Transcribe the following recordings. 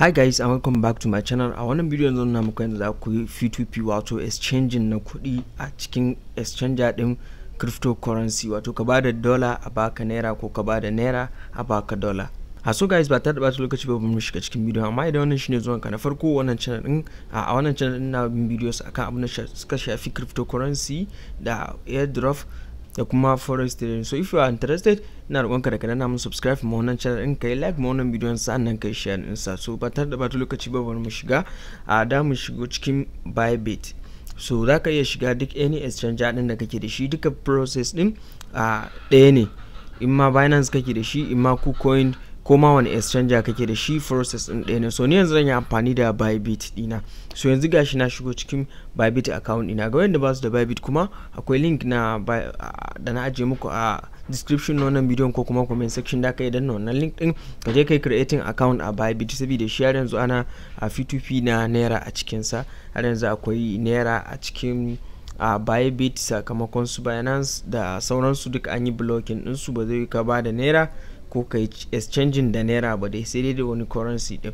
hi guys and welcome back to my channel a wannan bidiyon zan nuna muku yadda za ku yi p2p wato exchanging na kuɗi a cikin exchanger din cryptocurrency wato ka bada dollar a baka naira ko ka bada naira a baka dollar a ah, so guys ba ta da bata lokaci ba mu shiga cikin bidiyon amma idan wannan shine zuwan ka na farko wannan channel din ah, a wannan channel din na bin bidiyos akan abin da suka shafi cryptocurrency da airdrop da kuma forest trading so if you are interested ina ka da ka mun subscribe mu wannan channel in kai like mu wannan bidiyon sannan kai share din sa so ba tare da bata lokaci ba bari mu shiga a da mu shigo cikin Bybit so za ka iya shiga duk any exchange din da kake da shi duka process din a ɗaya ne in ma Binance kake da shi in ma KuCoin ko ma wani exchanger kake da shi process din ɗaya ne so ni yanzu zan yi amfani da bybit dina so yanzu gashi na shigo cikin bybit account dina ga wanda ba su da bybit kuma akwai link na da na ajiye muku a description na wannan bidiyon ko kuma comment section da ka yi na wannan link din ka je kai creating account a bybit saboda shi har yanzu ana a p2p na naira a cikinsa har yanzu akwai naira a cikin a uh, bybit sakamakon su binance da sauransu duk an yi blocking su ba zai ka ba da naira ko ka yi da naira ba dai sai dai da wani currency din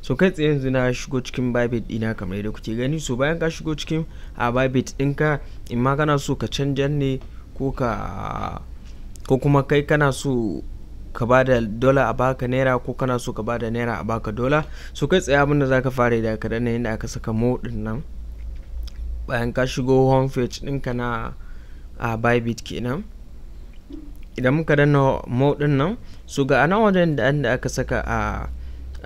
so kai tsaye yanzu na shigo cikin bybit dina kamar yadda kuke gani so bayan ka shigo cikin a bybit ɗinka in ma kana so ka canja ne ko ka ko kuma kai kana so ka ba da dola a baka naira ko kana so ka ba da naira a baka dola so kai tsaye abinda zaka fara da ka danna inda aka saka mo din nan bayan ka shigo home page ɗinka na a bybit kenan idan muka danna mode din nan so ga ana wajen da da aka saka a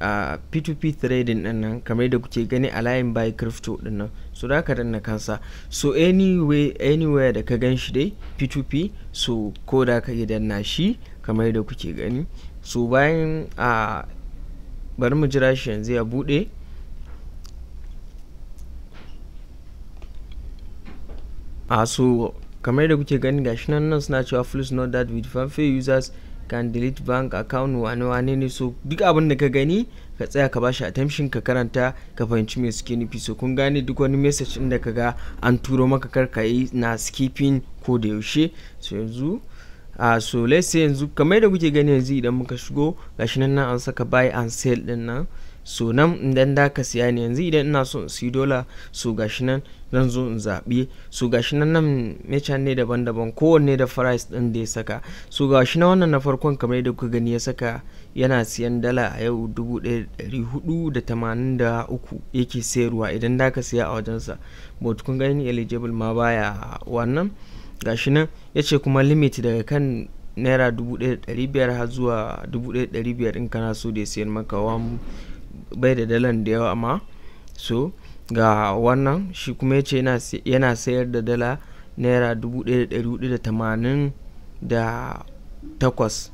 a p2p trading din nan kamar da kuke gani a layin buy crypto din nan so da ka danna kansa so anyway anywhere da ka gan shi dai p2p so ko da ka yi danna shi kamar da kuke gani so bayan a bari mu jira shi yanzu ya bude a so kamar da kuke gani gashi nan nan suna cewa please note that with fanfare users can delete bank account wane wane ne so duk abin da ka gani ka tsaya ka bashi attention ka karanta ka fahimci me suke nufi so kun gane duk wani message din da ka ga an turo maka kar ka yi na skipping ko da yaushe so yanzu a so let's say yanzu kamar da kuke gani yanzu idan muka shigo gashi nan nan an saka buy and sell din nan so nan idan da ka siya ne yanzu idan ina so in siyi dola so gashi nan zan zo in zaɓi so gashi nan nan mechan ne daban-daban kowanne da price ɗin da ya saka so gashi na wannan na farkon kamar yadda kuka gani ya saka yana siyan dala a yau dubu da tamanin da uku yake sayarwa idan da ka siya a wajensa but kun ni eligible ma baya wannan gashi nan ya ce kuma limit daga kan naira dubu ɗaya ɗari biyar har zuwa dubu ɗaya ɗari biyar in kana so da ya sayar maka bai da dalan da yawa amma so ga wannan shi kuma ya ce yana sayar da dala naira 1488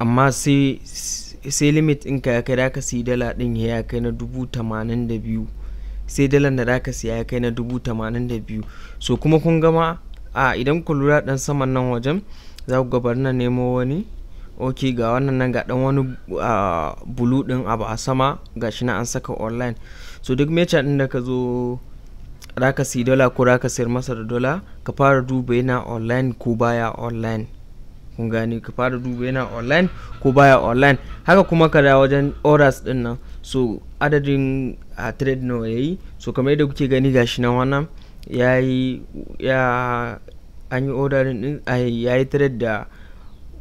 amma sai sai limit in ka kai da ka siyi dala din ya kai na 82 sai dalan da da ka siya ya kai na 82 so kuma kun gama a idan ku lura dan saman nan wajen za ku gabar na nemo wani ok ga wannan nan ga dan wani uh, bulu din abu a sama ga shi na an saka online so duk mecha din da ka zo raka si dola ko raka sayar masa da dola ka fara duba yana online ko baya online kun gani ka fara duba yana online ko baya online haka kuma ka da wajen orders din nan so adadin a trade nawa yayi so kamar yadda kuke gani ga shi na wannan yayi ya an yi din yi trade da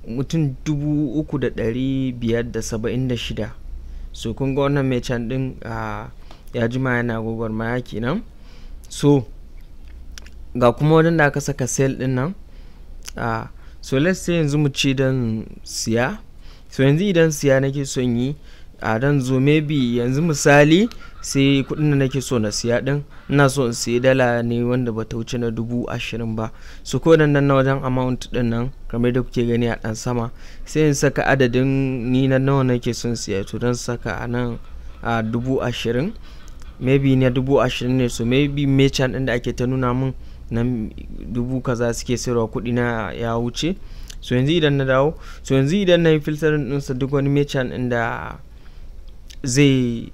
mutum 3,576 so kun ga wannan mai can din ya jima yana gwagwarmaya kenan so ga kuma wadanda aka saka sel din nan so let's say yanzu mu ce don siya so yanzu idan siya nake son yi a dan zo maybe yanzu misali sai kudin da nake so na siya din ina so in siya dala ne wanda ba ta wuce na dubu ashirin ba su ko nan na wajen amount din nan kamar da kuke gani a dan sama sai in saka adadin ni na nawa nake son siya to don saka a nan a dubu ashirin maybe na dubu ashirin ne so maybe mechan din da ake ta nuna min na dubu kaza suke sayarwa kudi na ya wuce so yanzu idan na dawo so yanzu idan na yi filtering ɗinsa duk wani mechan din da zai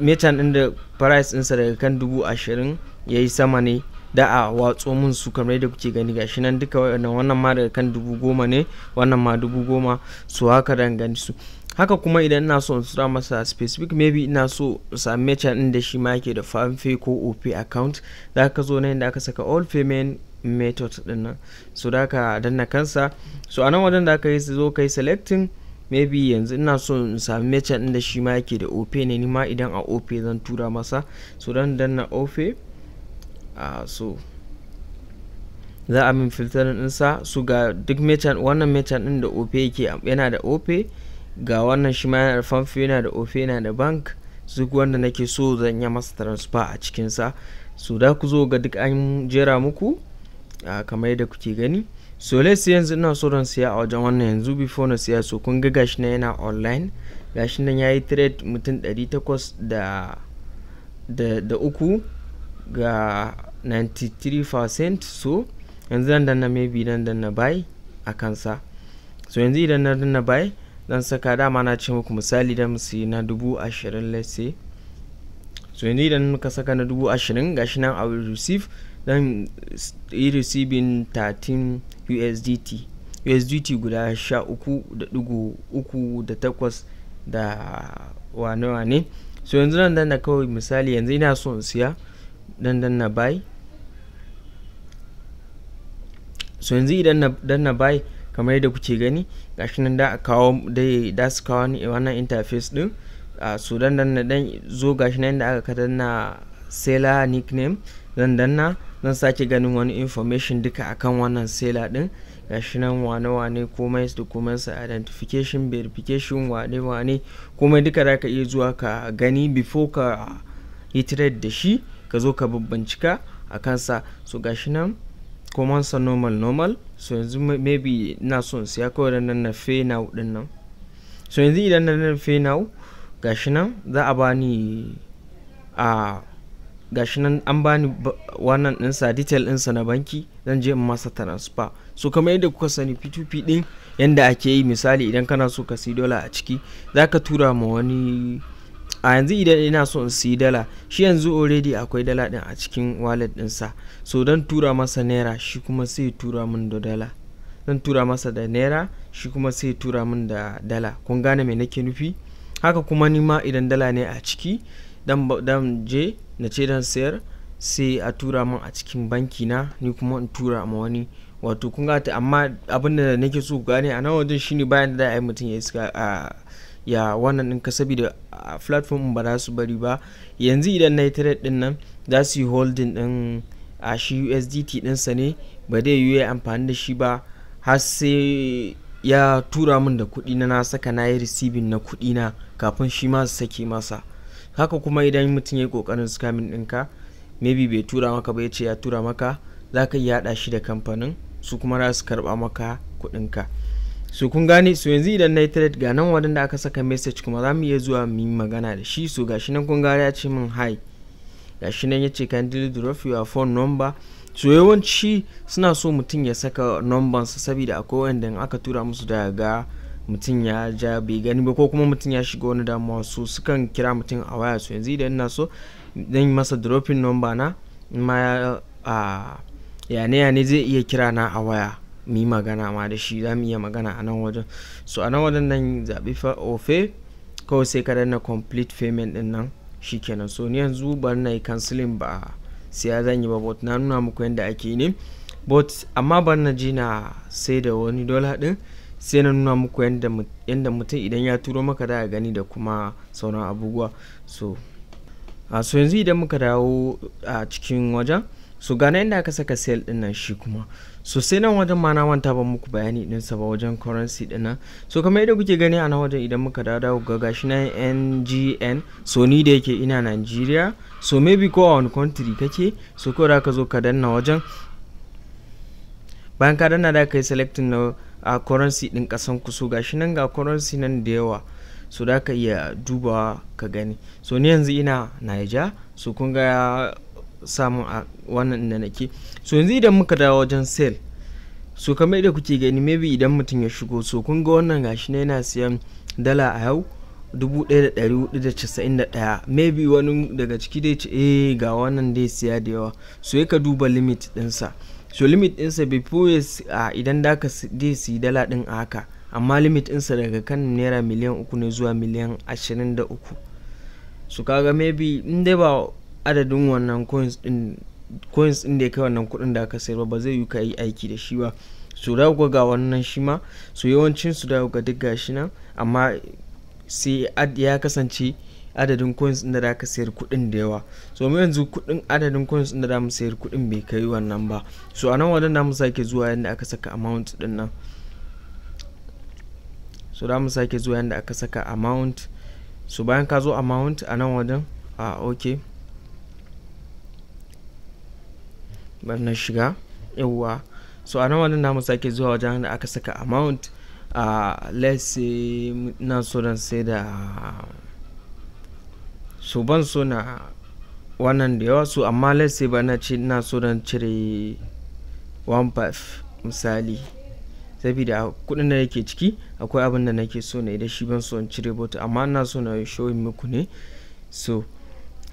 metan ɗin da price ɗinsa daga kan dubu ashirin ya yi sama ne da a watso mun su kamar yadda kuke gani gashi nan duka wannan ma daga kan dubu goma ne wannan ma dubu goma su haka dangane su haka kuma idan ina so in tura masa specific maybe ina so sa mecan inda da shi ma yake da fanfe ko op account da ka zo na yadda aka saka all payment method din nan so da ka danna kansa so a nan wajen da aka yi zo kai selecting maybe yanzu ina so in sami mecha ɗin da shi ma yake da ofe ne ni ma idan a ofe zan tura masa so dan danna ofe uh, so za a min din sa su ga duk mecha wannan mecha ɗin da ofe yake yana da ofe ga wannan shi ma yana da fanfi yana da ofe yana da bank su duk wanda nake so zan yi masa transfer a cikinsa so da ku zo ga duk an jera muku kamar yadda kuke gani so su yanzu ina so don siya a wajen wannan yanzu before na siya so kun ga gashi na yana online gashi nan yi trade mutum 800 da da da uku ga 93% so yanzu dan na maybe dan na buy a kansa so yanzu idan na danna buy dan saka dama na ce muku misali da musu na dubu let's say so yanzu idan muka saka na dubu gashi nan i will receive dan yi receiving 13 USDT USDT guda sha uku da ɗigo uku da takwas da wane-wane so yanzu nan danna kawai misali yanzu ina son siya dan na buy so yanzu idan na buy kamar yadda kuke gani gashi nan da kawo dai da su kawo ni wannan interface din ah, so dan na dan zo gashi nan da aka na. sela nickname zan danna zan sake ganin wani information duka akan wannan sela din gashi nan wane-wane komai da komai su identification verification wane-wane komai duka ka iya zuwa ka gani before ka iterate da shi ka zo ka bambancika a kansa so gashi nan sa normal normal so yanzu maybe na so in siya kawai nan na fe now din nan so yanzu idan na fe now gashi nan za a bani a ah, gashi nan an bani wannan ɗinsa detail dinsa na banki zan je in masa transfer so kamar yadda kuka sani p2p ɗin yadda ake yi misali idan kana so ka siyi dola a ciki za ka tura ma wani a yanzu idan ina so in siyi dala shi yanzu already akwai dala din a cikin wallet ɗinsa so don tura masa naira shi kuma sai tura min da dala zan tura masa da naira shi kuma sai tura min da dala kun gane me nake nufi haka kuma nima idan dala ne a ciki dan je na ce dan sayar sai a tura mun a cikin banki na ni kuma in tura ma wani wato kun ta amma abin da nake so gane a nan wajen shine bayan da ai mutum ya iska a ya wannan din ka saboda platform ba za su bari ba yanzu idan na yi trade din nan za su yi holding din a shi USDT sa ne ba zai yi amfani da shi ba har sai ya tura mun da kuɗi na na saka na yi receiving na kuɗi na kafin shi ma su sake masa haka kuma idan mutum ya yi kokarin scamming ɗinka maybe bai tura maka ba ya ce ya tura maka za ka iya haɗa shi da kamfanin su kuma za su karɓa maka kuɗinka so kun gane so yanzu idan na yi trade ga nan wadanda aka saka message kuma za mu iya zuwa mu yi magana da shi so gashi nan kun gane ya ce min hi gashi nan ya ce kindly drop your phone number so yawanci suna so mutum ya saka numbansa saboda akwai wanda aka tura musu daga mutum ya ja bai gani ba ko kuma mutum ya shiga wani damuwa su sukan kira mutum a waya su yanzu idan ina so zan yi masa dropping number na ma ya yane yane zai iya kira na a waya mu yi magana ma da shi za mu iya magana a nan wajen so a nan wajen nan zaɓi ofe kawai sai ka danna complete payment din nan shikenan so ni yanzu bari na yi canceling ba sai ya zan yi ba bot na nuna muku yadda ake ne bot amma bari na ji na sai da wani dola din sai na nuna muku yadda mutum idan ya turo maka da gani da kuma sauran abubuwa so a so yanzu idan muka dawo a cikin wajen so gane inda aka saka sel ɗinnan shi kuma so sai nan wajen ma na manta ban muku bayani din sa ba wajen currency din nan so kamar yadda kuke gani a nan wajen idan muka dawo dawo ga gashi na NGN so ni da yake ina Nigeria so maybe ko a wani country kake so ko da ka zo ka danna wajen bayan ka danna da ka yi selecting na a currency din kasan ku so gashi nan ga currency nan da yawa so da ka iya dubawa ka gani so ni yanzu ina naija so kun ga ya samu a wannan inda nake so yanzu idan muka dawo wajen sale so kamar yadda kuke gani maybe idan mutum ya shigo so kun ga wannan gashi na yana siyan dala a yau ɗaya maybe wani daga ciki dai ce eh ga wannan dai siya da yawa so ya ka duba limit ɗinsa so limit ɗinsa bai fiye a idan da ka je su yi dala ɗin a haka amma limit ɗinsa daga kan naira miliyan uku ne zuwa miliyan ashirin da uku su kaga maybe in dai ba adadin wannan coins ɗin coins da ya kai wannan kuɗin da aka sayar ba zai yi ka yi aiki da shi ba su da ga wannan shi ma su yawancin su da ga duk gashi nan amma sai ya kasance adadin coins ɗin da za ka sayar kuɗin da yawa so mu yanzu kuɗin adadin coins ɗin da za mu sayar kuɗin bai kai wannan ba so a nan wajen mu sake zuwa yadda aka saka amount ɗin nan so da mu sake zuwa yadda aka saka amount so bayan ka zo amount a nan wajen a ok bar na shiga yawwa so a nan wajen na mu sake zuwa wajen da aka saka amount a uh, let's say na so dan sai da so ban so na wannan da yawa su amma let's ba na ce ina so don cire 1.5 misali saboda kudin da yake ciki akwai abin da nake so na idan shi ban so in cire bot amma ina so na showin muku ne so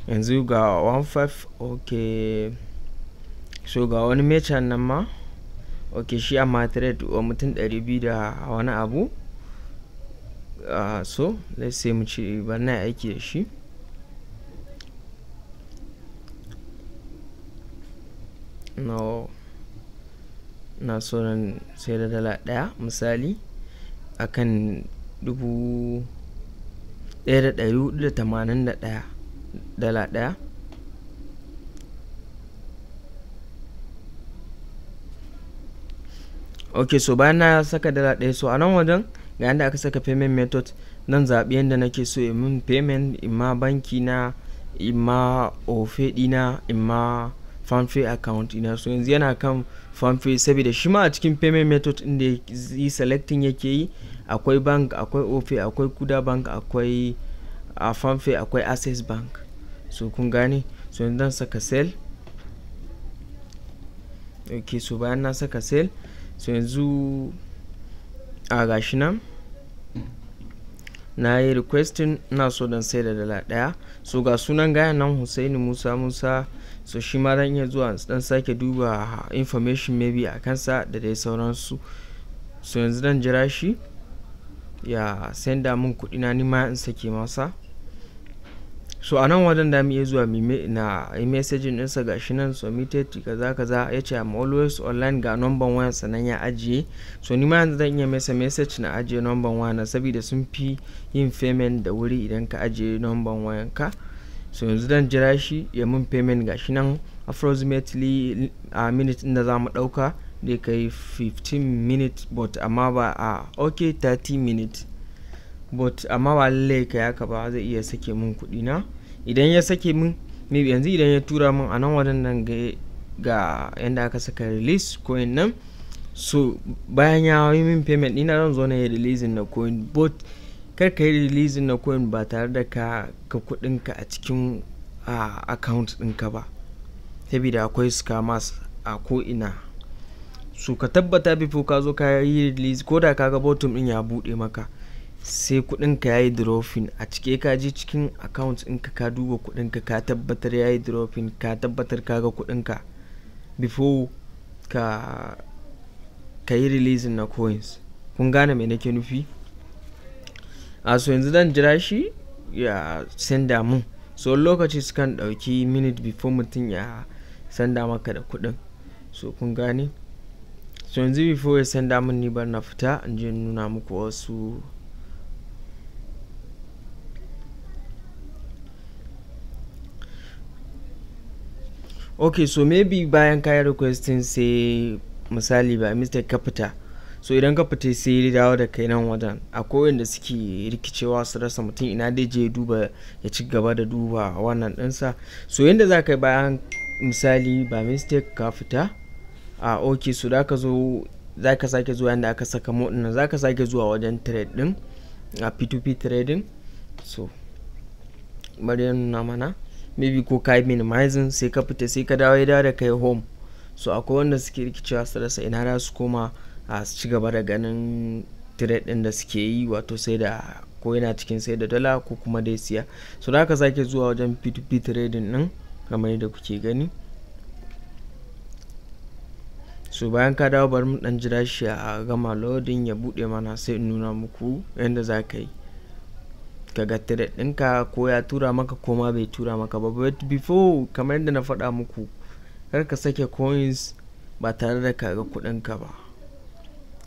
yanzu ga 1.5 ok so ga wani mecha nan ma ok shi a madrid wa mutum 200 da wani abu ah, so let's say mu ci ban na aiki da shi na na sauran sai da dala ɗaya misali a dubu ɗaya da ɗari hudu da tamanin da ɗaya dala ɗaya ok so bayan na saka dala ɗaya so a nan wajen ga yadda aka saka payment method nan zaɓi yadda nake so in min payment imma banki na imma ofe ɗina imma fanfe account ina so yanzu yana kan fanfe saboda shi ma a cikin payment method inda yi selecting yake yi akwai bank akwai ofe akwai kuda bank akwai a fanfe akwai access bank so kun gane so yanzu zan saka sell ok so bayan na saka sell so yanzu a gashi nan na yi requesting na so don sai da dala daya so ga sunan gaya nan husaini musa musa so shi ma dan iya zuwa dan sake duba information maybe a kansa da dai sauransu so yanzu dan jira shi ya senda min kuɗi na nima in sake masa so a nan wajen da mu iya zuwa na yi messaging ɗinsa ga shi nan za kaza kaza ya ce am always online ga number 1 sanan ya ajiye so ni ma yanzu zan iya masa message na ajiye number 1 na saboda sun fi yin payment da wuri idan ka ajiye number 1 ka so yanzu dan jira shi ya mun payment gashi nan approximately a minute inda za mu dauka da kai 15 minutes but amma ba a ok 30 minutes but amma ba lallai ka yaka ba zai iya sake mun kudi na idan ya sake mun maybe yanzu idan ya tura mun a nan waɗannan ga yadda aka saka release coin nan so bayan ya yi min payment ina zan zo na yi releasing na coin but kar ka yi releasing na coin ba tare da ka ka kudinka a cikin account ɗinka ba saboda akwai scammers a ko ina su ka tabbata before ka zo ka yi release ko da kaga bottom ɗin ya bude maka sai kudinka ka yayi dropping a cike ka je cikin account din ka duba kudinka ka tabbatar ya dropping ka tabbatar kaga kudinka before ka ka yi releasing na coins kun gane me nake nufi a ah, so yanzu zan jira shi ya senda mun so lokaci su kan dauki minute before mutum ya sanda maka da kuɗin so kun gane so yanzu before ya sanda mun ni bar na fita in je nuna muku wasu ok so maybe bayan kayan requesting sai misali ba mr capital fita so idan ka fita sai dawo da kai nan wajen akwai wanda suke rikicewa su rasa mutum ina dai je duba ya ci gaba da duba wannan ɗinsa so yadda za ka yi bayan misali ba mistake ka fita a ok so da ka zo za ka sake zuwa yadda aka saka moɗin za ka sake zuwa wajen trade din a p2p trading so bari ya nuna mana maybe ko ka yi minimizing sai ka fita sai ka dawo ya dawo da kai home so akwai wanda suke rikicewa su rasa ina za su koma a ci gaba da ganin trade din da suke yi wato sai da ko yana cikin sai da dala ko kuma dai siya so da aka sake zuwa wajen p2p trading din kamar yadda kuke gani so bayan ka dawo bari mu dan jira shi a gama loading ya bude mana sai in nuna muku yadda za ka yi ka ga trade ɗinka ko ya tura maka ko ma bai tura maka ba but before kamar yadda na faɗa muku kar ka sake coins ba tare da ka ga ka ba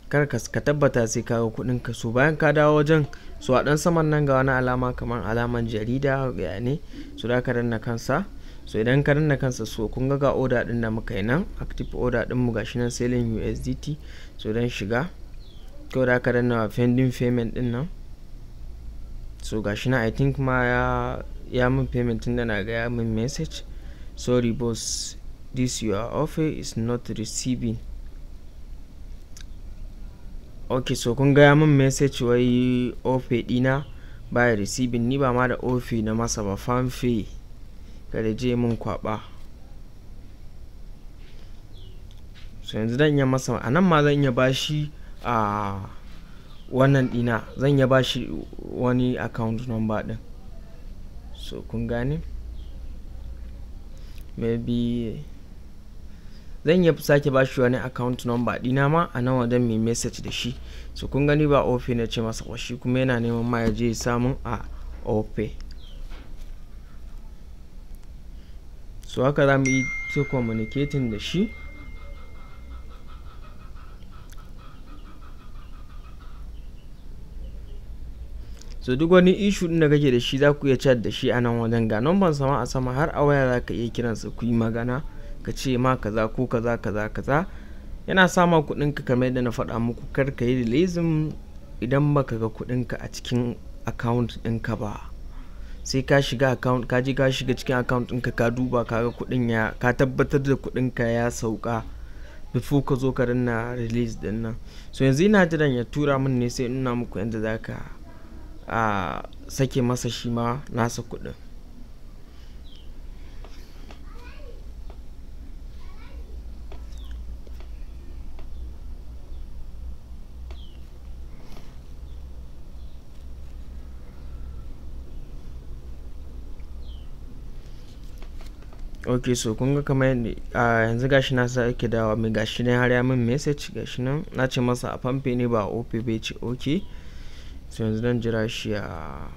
kar ka tabbata sai ka ga kuɗin ka so bayan ka dawo wajen su a ɗan saman nan ga wani alama kamar alaman jarida ya ne su da ka danna kansa so idan ka danna kansa so kun ga ga order din da muka yi nan active order din mu gashi nan selling USDT so dan shiga ko da ka danna pending payment din nan so gashi na I think ma ya ya min payment din da na ga ya min message sorry boss this your offer is not receiving ok so kun gaya min message wai ofe dina baya receiving ni ba ma da ofe na masa ba fanfe kada je min kwaba so yanzu zan iya masa a nan ma zan iya bashi a wannan dina zan iya bashi wani account number din so kun gane maybe zan iya sake ba shi wani account number dina ma a nan wajen mai message da shi so kun gani ba ofe na ce masa kwashi kuma yana neman ma ya je samun a ofe so haka za mu yi ta communicating da shi so duk wani ishu din da kake da shi za ku iya chat da shi a nan wajen ga numban sama a sama har a waya za ka iya kiransa ku yi magana ka ce ma kaza ko kaza kaza kaza yana sama ka kamar yadda na faɗa muku kar ka yi lazim idan baka ga ka a cikin account ɗinka ba sai ka shiga account ka je ka shiga cikin account ɗinka ka duba ka ga kudin ya ka tabbatar da kuɗinka ya sauka before ka zo ka danna release din nan so yanzu ina jiran ya tura min ne sai nuna muku yadda zaka a ah, sake masa shi ma nasa kudin. ok so kun ga kamar a yanzu gashi na sa ake dawa mai gashi ne har ya min message gashi nan na ce masa a famfe ne ba a bai ce ok so yanzu dan jira shi a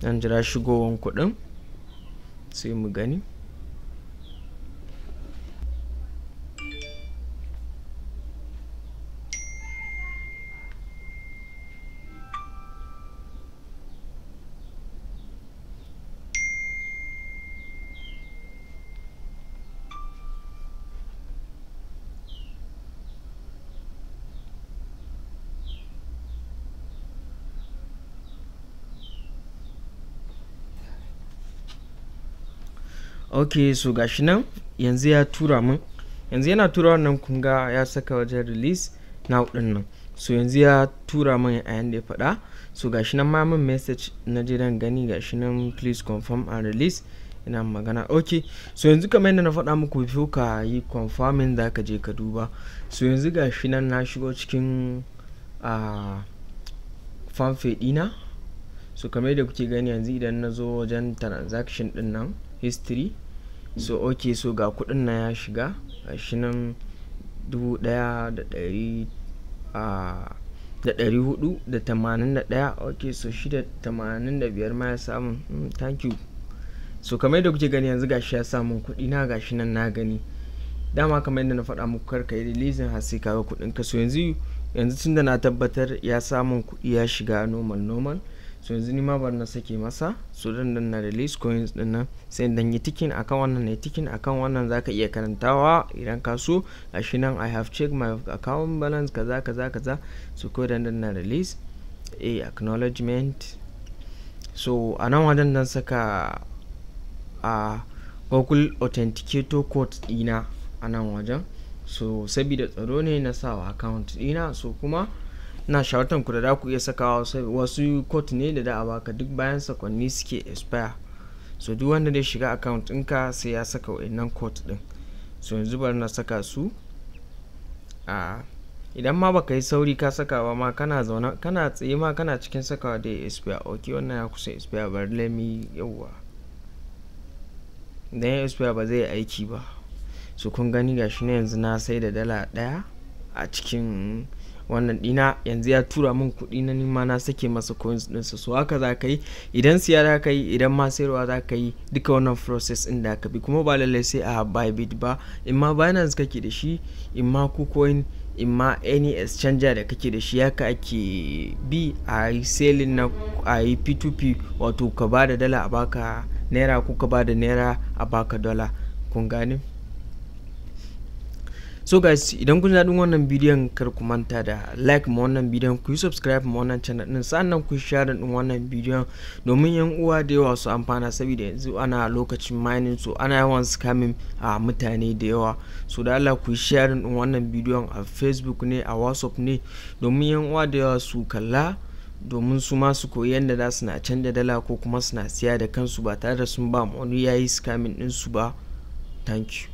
dan jira shigowan kuɗin sai mu gani ok so gashi nan yanzu ya tura min yanzu yana tura wannan kun ga ya saka wajen release na hudun nan so yanzu ya tura min a yanda ya faɗa so gashi nan ma min message na je dan gani gashi nan please confirm and release ina magana ok so yanzu kamar yadda na faɗa muku fio ka yi confirming za ka je ka duba so yanzu gashi nan na shigo cikin a fanfe dina so kamar yadda kuke gani yanzu idan na zo wajen transaction din nan history so ok so ga kudin na ya shiga a shinan 1481 ok so shida ma ya samu hmm, thank you so kamar yadda kuke gani yanzu gashi ya samun kudi na gashi nan na gani dama kamar yadda na faɗa muku karka yi lizin hasi sai kaga kudin ka so yanzu yanzu da na tabbatar ya samun kudi ya shiga normal normal so yanzu ni ma bar na sake masa so dan dan na release coins din nan sai dan yi ticking akan wannan ne ticking akan wannan zaka iya karantawa idan ka so gashi nan i have checked my account balance kaza kaza kaza so ko dan dan na release a eh, acknowledgement so a nan dan saka a google authenticator code dina a nan wajen so sabida tsaro ne na sawa account dina so kuma na shawartar ku da za ku iya sakawa wasu kot ne da da ka duk bayan sakonni suke expire so duk wanda zai shiga account ɗinka sai ya saka wa'innan kot ɗin so yanzu bari na saka su a idan ma baka yi sauri ka saka ba ma kana zauna kana tsaye ma kana cikin sakawa da expire ok wannan ya kusa expire bari let me yawwa dan ya expire ba zai aiki ba so kun gani gashi na yanzu na sai da dala ɗaya a cikin wannan dina yanzu ya tura min kuɗi na nima na sake masa coins ɗinsa so haka za ka yi idan siya za ka yi idan ma sayarwa za ka yi duka wannan process ɗin da ka bi kuma ba lallai sai a bybit ba in ma binance kake da shi in ma kucoin in ma any exchanger da kake da shi haka ake bi a selling na a yi p2p wato ka ba da dala a baka naira ko ka ba da naira a baka dala kun gane so guys idan kun daɗin wannan bidiyon kar ku manta da like ma wannan bidiyon ku yi subscribe ma wannan channel din sannan ku share din wannan bidiyon domin yan uwa da yawa su amfana saboda yanzu ana lokacin mining so ana yawan scamming a mutane da yawa so da Allah ku yi share din wannan bidiyon a facebook ne a whatsapp ne domin yan uwa da yawa su kalla domin su ma su koyi yadda za su na canja dala ko kuma su na siya da kansu ba tare da sun ba wani yayi scamming din su ba thank you